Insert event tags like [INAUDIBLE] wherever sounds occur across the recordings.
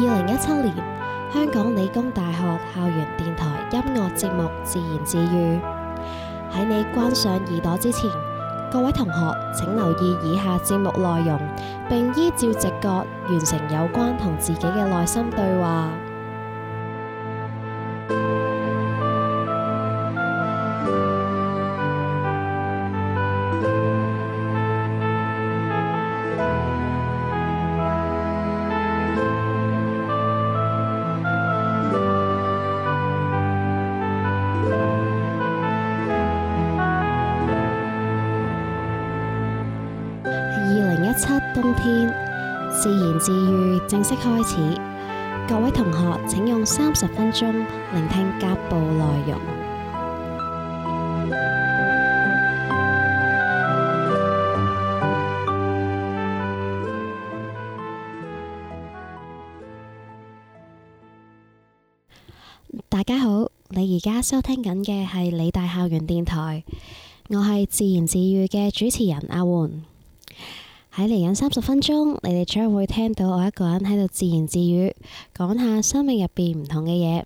二零一七年，香港理工大學校園電台音樂節目《自言自癒》，喺你關上耳朵之前，各位同學，請留意以下節目內容，並依照直覺完成有關同自己嘅內心對話。開始，各位同學，請用三十分鐘聆聽甲部內容。大家好，你而家收聽緊嘅係理大校園電台，我係自言自癒嘅主持人阿煥。喺嚟緊三十分鐘，你哋將會聽到我一個人喺度自言自語，講下生命入邊唔同嘅嘢。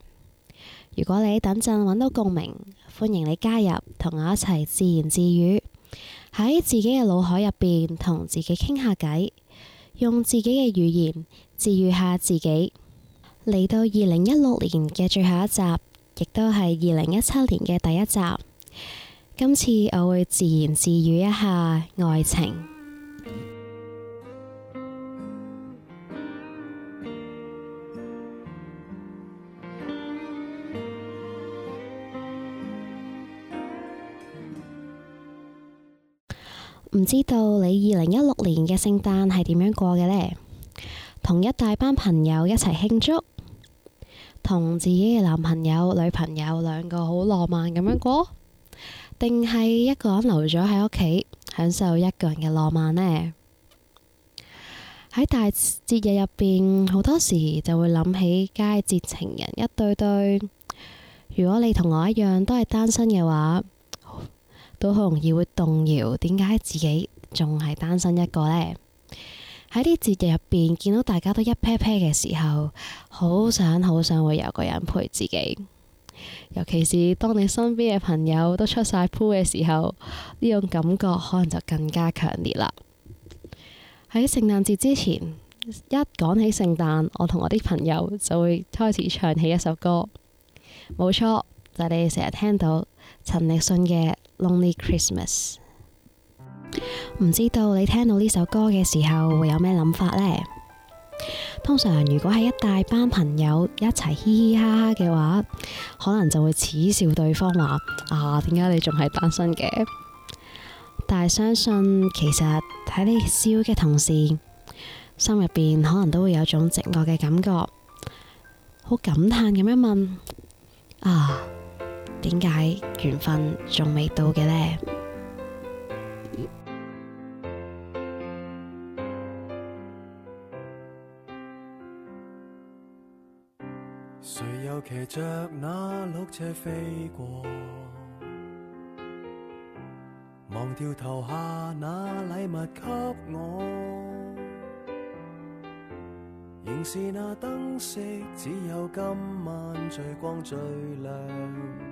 如果你等陣揾到共鳴，歡迎你加入同我一齊自言自語，喺自己嘅腦海入邊同自己傾下偈，用自己嘅語言治癒下自己。嚟到二零一六年嘅最後一集，亦都係二零一七年嘅第一集，今次我會自言自語一下愛情。唔知道你二零一六年嘅聖誕係點樣過嘅呢？同一大班朋友一齊慶祝，同自己嘅男朋友、女朋友兩個好浪漫咁樣過，定係一個人留咗喺屋企享受一個人嘅浪漫呢？喺大節日入邊，好多時就會諗起佳節情人一對對。如果你同我一樣都係單身嘅話，都好容易會動搖，點解自己仲係單身一個呢？喺啲節日入邊見到大家都一 pair pair 嘅時候，好想好想會有個人陪自己。尤其是當你身邊嘅朋友都出晒鋪嘅時候，呢種感覺可能就更加強烈啦。喺聖誕節之前，一講起聖誕，我同我啲朋友就會開始唱起一首歌。冇錯，就係你哋成日聽到。陳奕迅嘅《Lonely Christmas》，唔知道你聽到呢首歌嘅時候會有咩諗法呢？通常如果係一大班朋友一齊嘻嘻哈哈嘅話，可能就會恥笑對方話：啊，點解你仲係單身嘅？但係相信其實喺你笑嘅同時，心入邊可能都會有種寂寞嘅感覺，好感嘆咁樣問：啊！點解緣分仲未到嘅咧？誰又騎着那綠車飛過，忘掉投下那禮物給我，仍是那燈色，只有今晚最光最亮。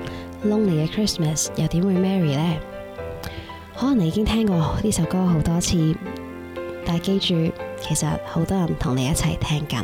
Lonely 嘅 Christmas 又點會 Merry 呢？可能你已經聽過呢首歌好多次，但係記住，其實好多人同你一齊聽緊。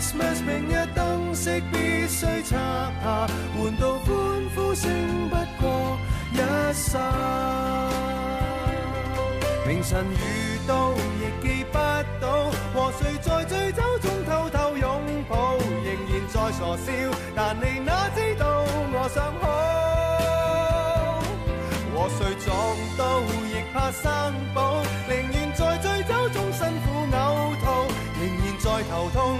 明日燈飾必須拆下，換到歡呼聲不過一剎。明晨遇到亦記不到，和誰在醉酒中偷偷擁抱，仍然在傻笑。但你哪知道我想哭，和誰撞到亦怕生保，寧願在醉酒中辛苦嘔吐，仍然在頭痛。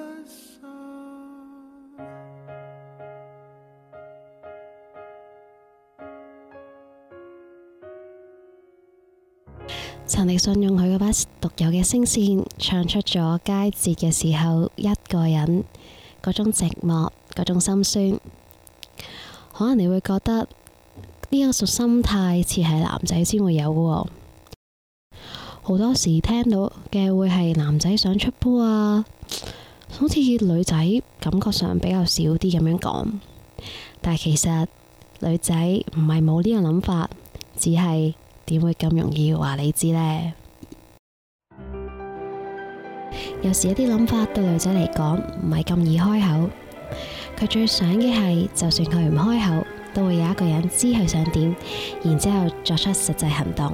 陳奕迅用佢嗰把獨有嘅聲線唱出咗佳節嘅時候一個人嗰種寂寞，嗰種心酸，可能你會覺得呢個屬心態似係男仔先會有嘅。好多時聽到嘅會係男仔想出波啊，好似女仔感覺上比較少啲咁樣講。但係其實女仔唔係冇呢個諗法，只係，點會咁容易話你知呢？有時一啲諗法對女仔嚟講唔係咁易開口，佢最想嘅係，就算佢唔開口，都會有一個人知佢想點，然之後作出實際行動。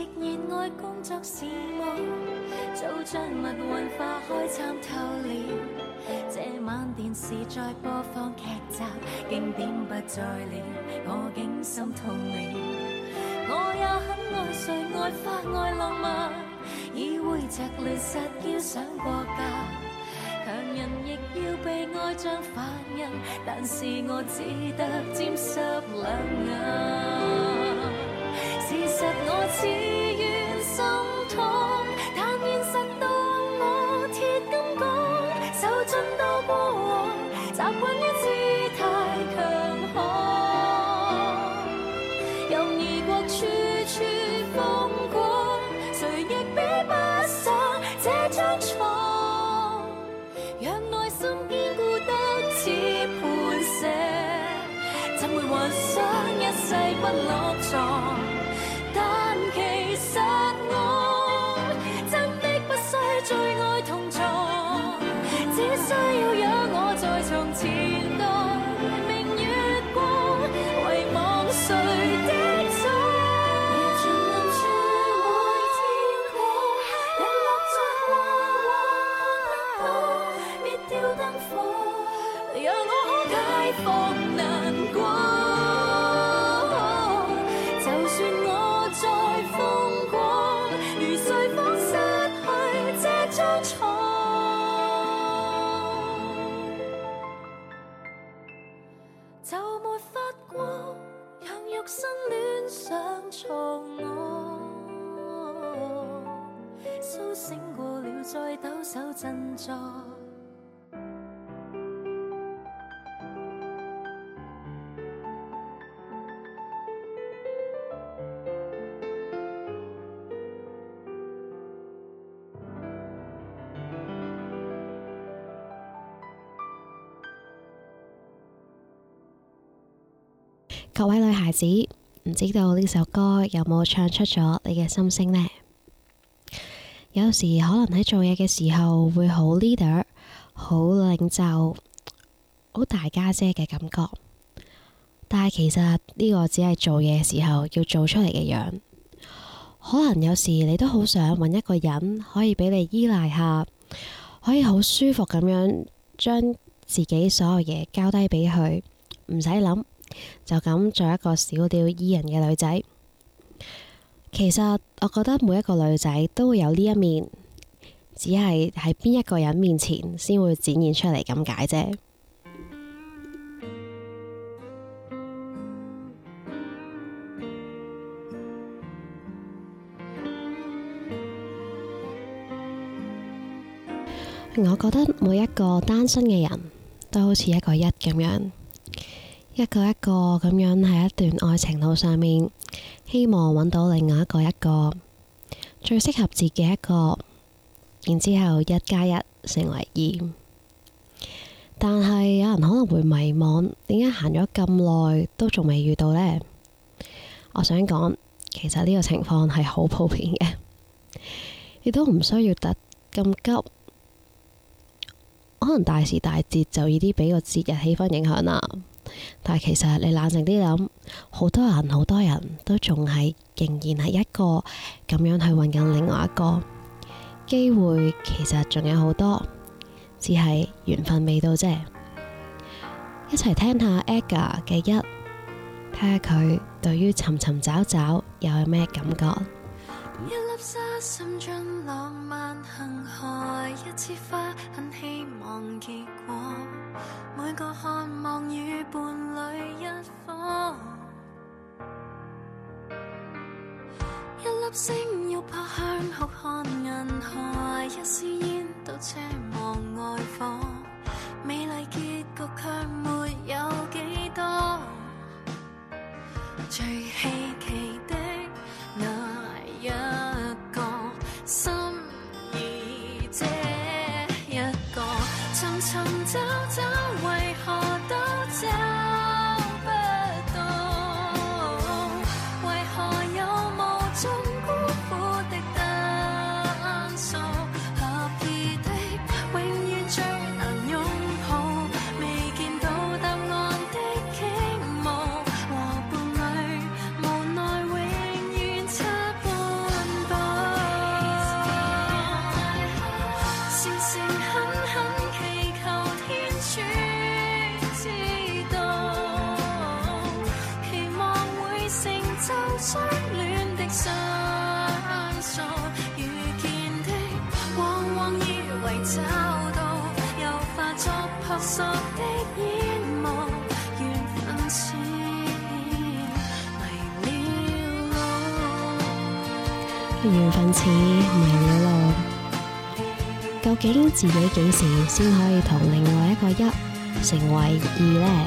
亦熱愛工作是麼？早將密雲化開參透了。這晚電視在播放劇集，經典不再了，我竟心痛了。我也很愛誰，誰愛花愛浪漫，已會著力實踐想過家。強人亦要被愛像凡人，但是我只得沾濕兩眼。其實我自願心痛，但現實當我鐵金剛，手震到過往，習慣於姿態強悍。任異國處處風光，誰亦比不上這張床。若內心堅固得似磐石，怎會幻想一世不老？各位女孩子，唔知道呢首歌有冇唱出咗你嘅心聲呢？有時可能喺做嘢嘅時候會好 leader，好領袖，好大家姐嘅感覺。但係其實呢個只係做嘢嘅時候要做出嚟嘅樣。可能有時你都好想揾一個人可以俾你依賴下，可以好舒服咁樣將自己所有嘢交低俾佢，唔使諗。就咁做一個小鳥依人嘅女仔，其實我覺得每一個女仔都會有呢一面，只係喺邊一個人面前先會展現出嚟咁解啫。 [MUSIC] 我覺得每一個單身嘅人都好似一個一咁樣。一個一個咁樣喺一段愛情路上面，希望揾到另外一個一個，一個最適合自己一個，然之後一加一成為二。但係有人可能會迷茫，點解行咗咁耐都仲未遇到呢？我想講，其實呢個情況係好普遍嘅，亦都唔需要特咁急。可能大時大節就已經俾個節日氣氛影響啦。但係其實你冷靜啲諗，好多人好多人都仲係仍然係一個咁樣去搵緊另外一個機會，其實仲有好多，只係緣分未到啫。一齊聽下 Aga 嘅一，睇下佢對於尋尋找找又有咩感覺。一粒沙滲進浪漫恆河，一枝花很希望結果，每個渴望與伴侶一方。一粒星欲撲向酷寒銀河，一絲煙都遮。傻的眼望，緣分似迷了路，緣分似迷了路，究竟自己幾時先可以同另外一個一成為二呢？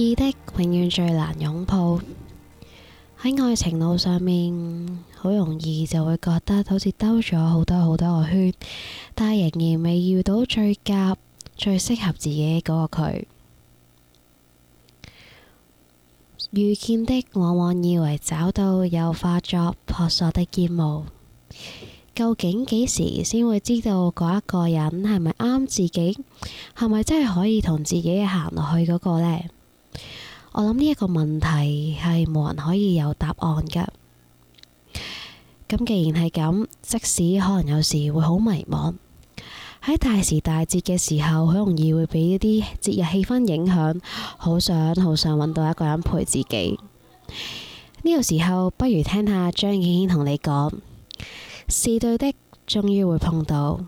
意的永遠最難擁抱。喺愛情路上面，好容易就會覺得好似兜咗好多好多個圈，但係仍然未遇到最夾最適合自己嗰個佢遇見的，往往以為找到又化作破索的堅霧。究竟幾時先會知道嗰一個人係咪啱自己，係咪真係可以同自己行落去嗰個呢？我諗呢一個問題係冇人可以有答案噶。咁既然係咁，即使可能有時會好迷茫，喺大時大節嘅時候，好容易會俾一啲節日氣氛影響，好想好想揾到一個人陪自己。呢個時候，不如聽下張敬軒同你講是對的，終於會碰到。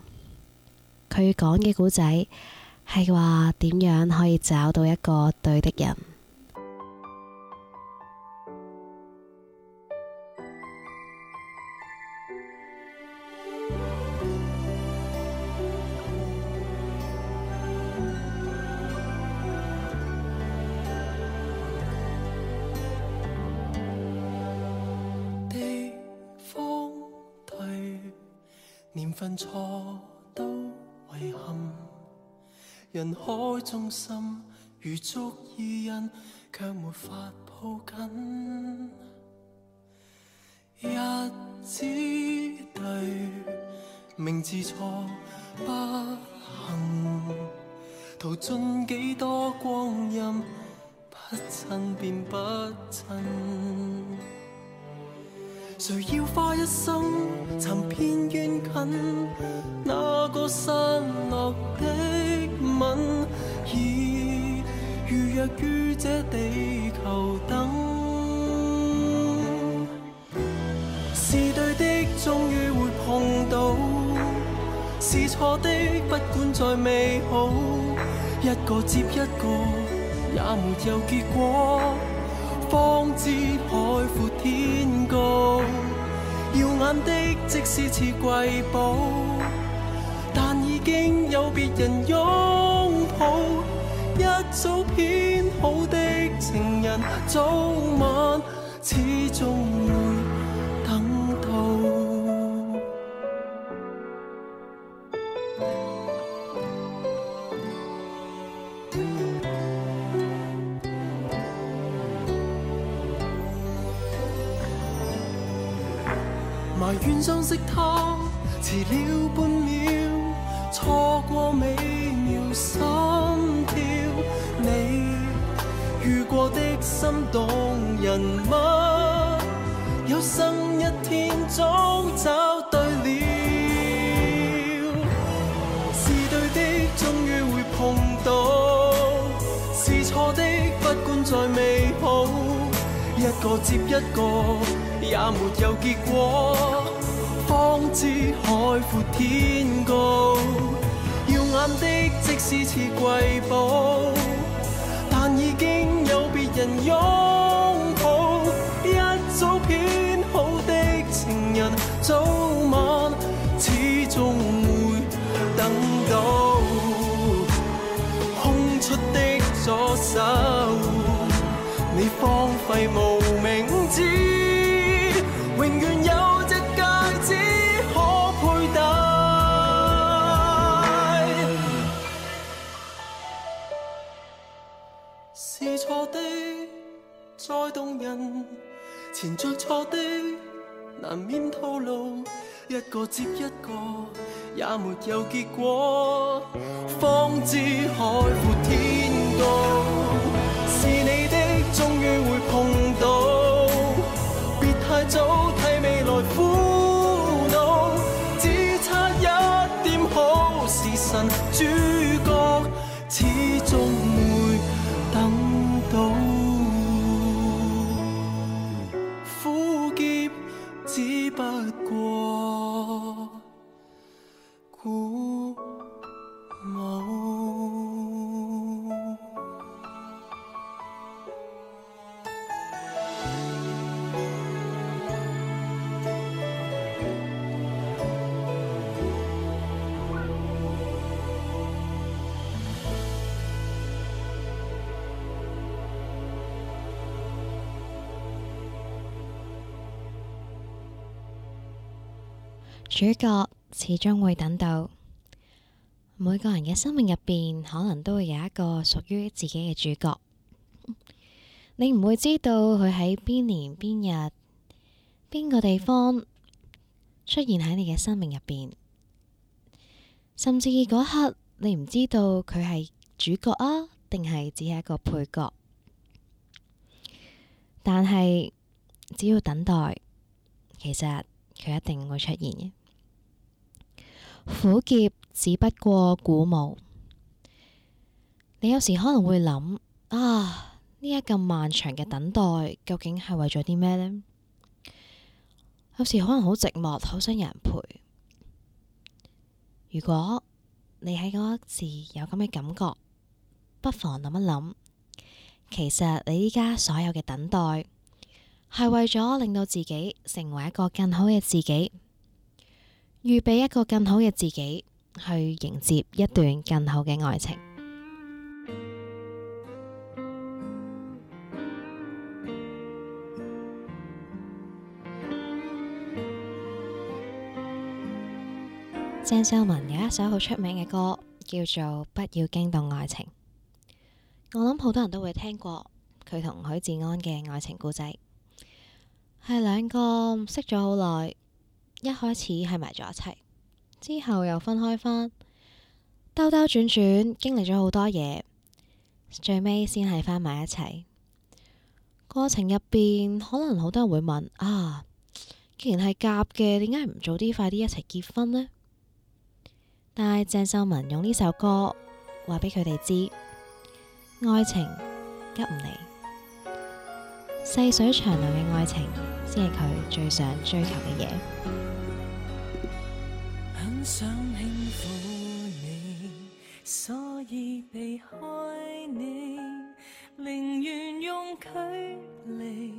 佢講嘅古仔，係話點樣可以找到一個對的人。年份錯都遺憾，人海中心如捉伊人卻沒法抱緊。日子對名字錯不幸，途盡幾多光陰，不親便不親。誰要花一生尋遍遠近？那個失落的吻，已預約於這地球等。 [NOISE] 是對的，終於會碰到；是錯的，不管再美好，一個接一個，也沒有結果，方知海闊天。耀眼的，即使似瑰寶，但已經有別人擁抱。一早編好的情人，早晚始終。相識他遲了半秒，錯過美妙心跳。你遇過的心動人物，有生一天終找對了，是對的終於會碰到，是錯的不管再美好，一個接一個也沒有結果。知海闊天高，耀眼的即使似瑰寶，但已經有別人擁抱，一早編好的情人。接一個也沒有結果，方知海闊天高。主角始終會等到，每個人嘅生命入邊可能都會有一個屬於自己嘅主角。 [LAUGHS] 你唔會知道佢喺邊年邊日邊個地方出現喺你嘅生命入邊，甚至嗰刻你唔知道佢係主角啊，定係只係一個配角。但係只要等待，其實佢一定會出現嘅。苦澀，只不過鼓舞。你有時可能會諗啊，呢一個漫長嘅等待究竟係為咗啲咩呢？有時可能好寂寞，好想有人陪。如果你喺嗰一時有咁嘅感覺，不妨諗一諗，其實你依家所有嘅等待係為咗令到自己成為一個更好嘅自己。預備一個更好嘅自己，去迎接一段更好嘅愛情。鄭秀 [MUSIC] 文有一首好出名嘅歌，叫做《不要驚動愛情》。我諗好多人都會聽過佢同許志安嘅愛情故仔，係兩個識咗好耐。一開始係埋咗一齊，之後又分開返，兜兜轉轉經歷咗好多嘢，最尾先係翻埋一齊。過程入邊，可能好多人會問：啊，既然係夾嘅，點解唔早啲快啲一齊結婚呢？但係鄭秀文用呢首歌話俾佢哋知，愛情急唔嚟，細水長流嘅愛情先係佢最想追求嘅嘢。想輕撫你，所以避開你，寧願用距離，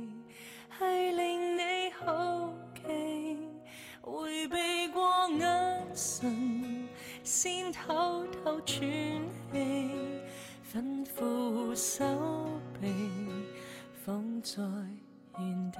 係令你好奇。迴避過眼神，先偷偷喘氣，吩咐手臂放在原地。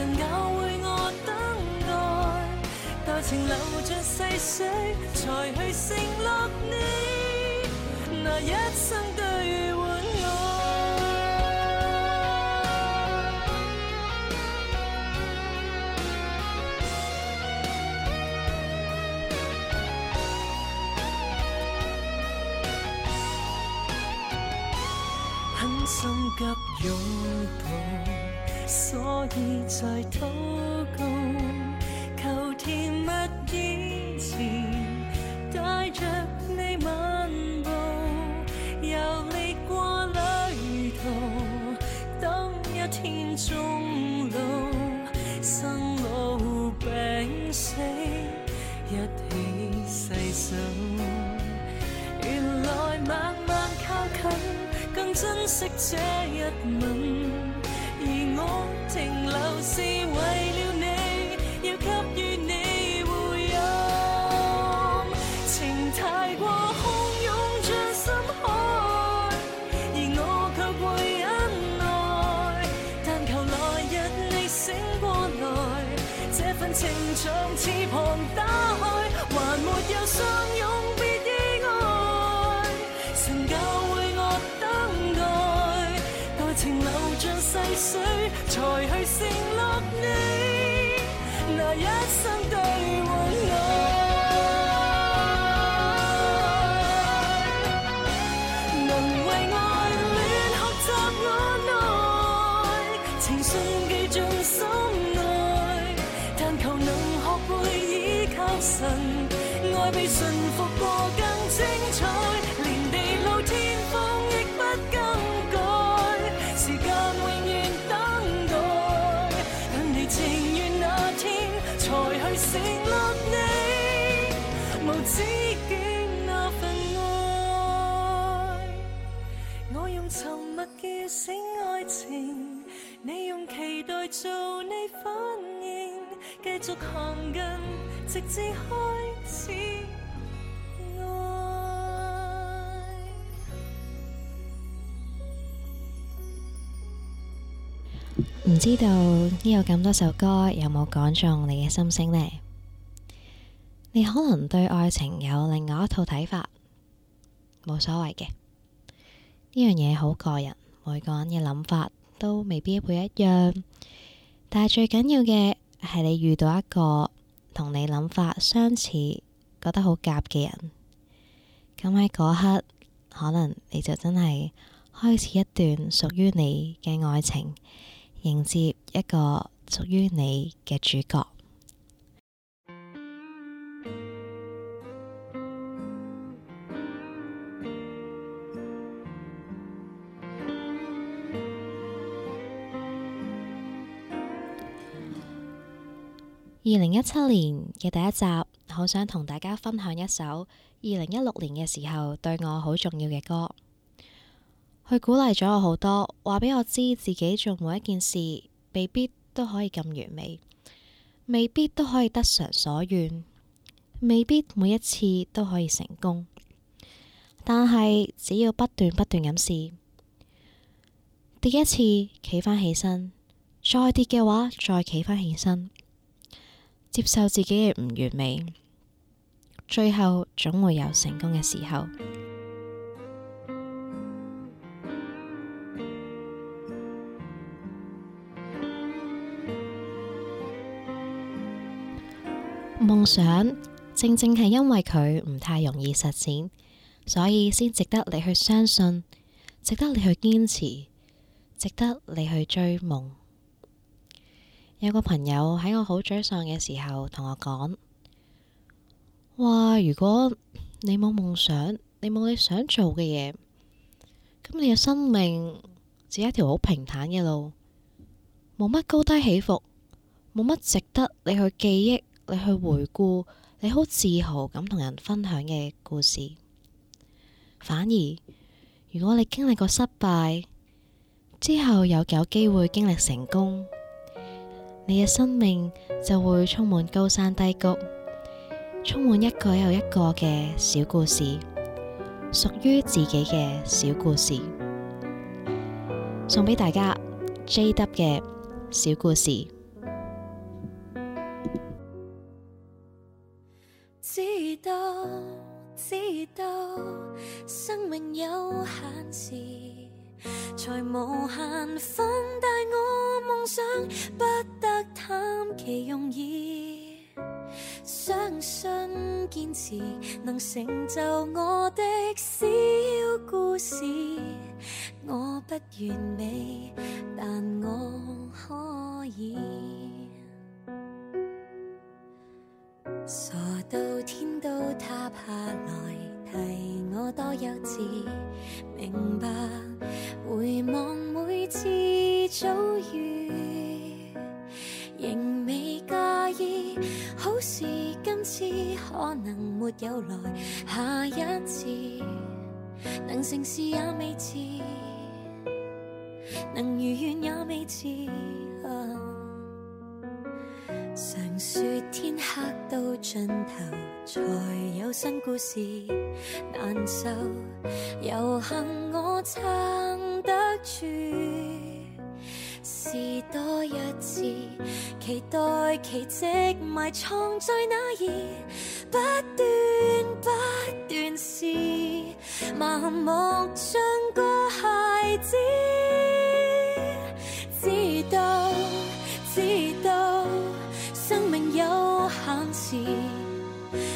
曾教會我等待，待情流盡細水，才去承諾你那一生。在禱告，求甜蜜以前，帶着你漫步，遊歷過旅途，當一天終老，生老病死，一起細數，原來慢慢靠近，更珍惜這一吻。而我停留是為了你，要給予你回音。情太過洶湧像深海，而我卻會忍耐。但求來日你醒過來，這份情像翅膀打開，還沒有相擁。才去承諾你，拿一生兌換。唔知道呢？有咁多首歌有冇講中你嘅心聲呢？你可能對愛情有另外一套睇法，冇所謂嘅。呢樣嘢好個人，每個人嘅諗法都未必會一樣，但係最緊要嘅，係你遇到一個同你諗法相似，覺得好夾嘅人，咁喺嗰刻，可能你就真係開始一段屬於你嘅愛情，迎接一個屬於你嘅主角。二零一七年嘅第一集，好想同大家分享一首二零一六年嘅時候對我好重要嘅歌，佢鼓勵咗我好多，話俾我知自己做每一件事，未必都可以咁完美，未必都可以得償所願，未必每一次都可以成功，但係只要不斷不斷咁試，跌一次企翻起身，再跌嘅話再企翻起身。接受自己嘅唔完美，最後總會有成功嘅時候。夢想正正係因為佢唔太容易實踐，所以先值得你去相信，值得你去堅持，值得你去追夢。有個朋友喺我好沮喪嘅時候同我講：哇，如果你冇夢想，你冇你想做嘅嘢，咁你嘅生命只係一條好平坦嘅路，冇乜高低起伏，冇乜值得你去記憶、你去回顧、你好自豪咁同人分享嘅故事。反而如果你經歷過失敗之後，有有機會經歷成功。你嘅生命就會充滿高山低谷，充滿一個又一個嘅小故事，屬於自己嘅小故事，送俾大家 JW 嘅小故事。知道，知道，生命有限次，才無限放大我夢想不。淡其容易，相信堅持能成就我的小故事。我不完美，但我可以。傻到天都塌下來，替我多幼稚。明白，回望每次遭遇。仍未介意，好事今次可能沒有來，下一次能成事也未遲，能如願也未遲。常、啊、說天黑到盡頭才有新故事，難受又幸我撐得住。試多一次，期待奇蹟埋藏在哪兒，不斷不斷試，盲目像個孩子。知道知道，生命有限時，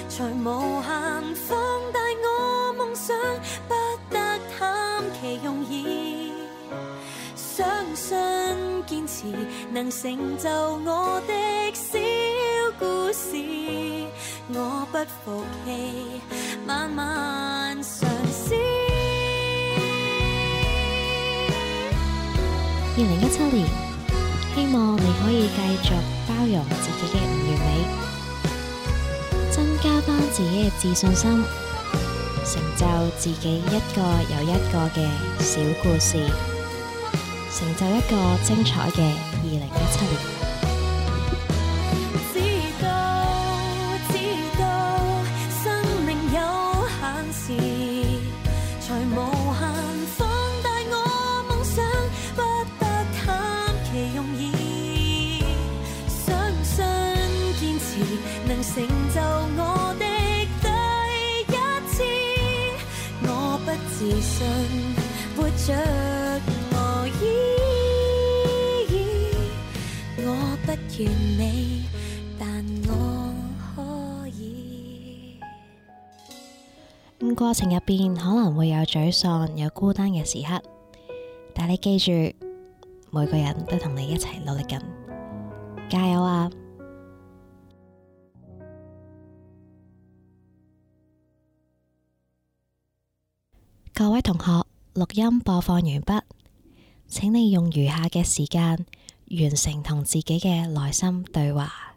才無限放大我夢想，不得貪其容易。相信堅持能成就我哋小故事。我不服氣，慢慢嘗試。二零一七年，希望你可以繼續包容自己嘅唔完美，增加翻自己嘅自信心，成就自己一個又一個嘅小故事。成就一個精彩嘅二零一七年。知道知道生命有限時才無限放大我夢想，不得譚其容易相信堅持能成就我嘅第一次，我不自信活着。但我可以。過程入邊可能會有沮喪、有孤單嘅時刻，但你記住，每個人都同你一齊努力緊，加油啊！ [MUSIC] 各位同學，錄音播放完畢，請你用餘下嘅時間。完成同自己嘅內心對話。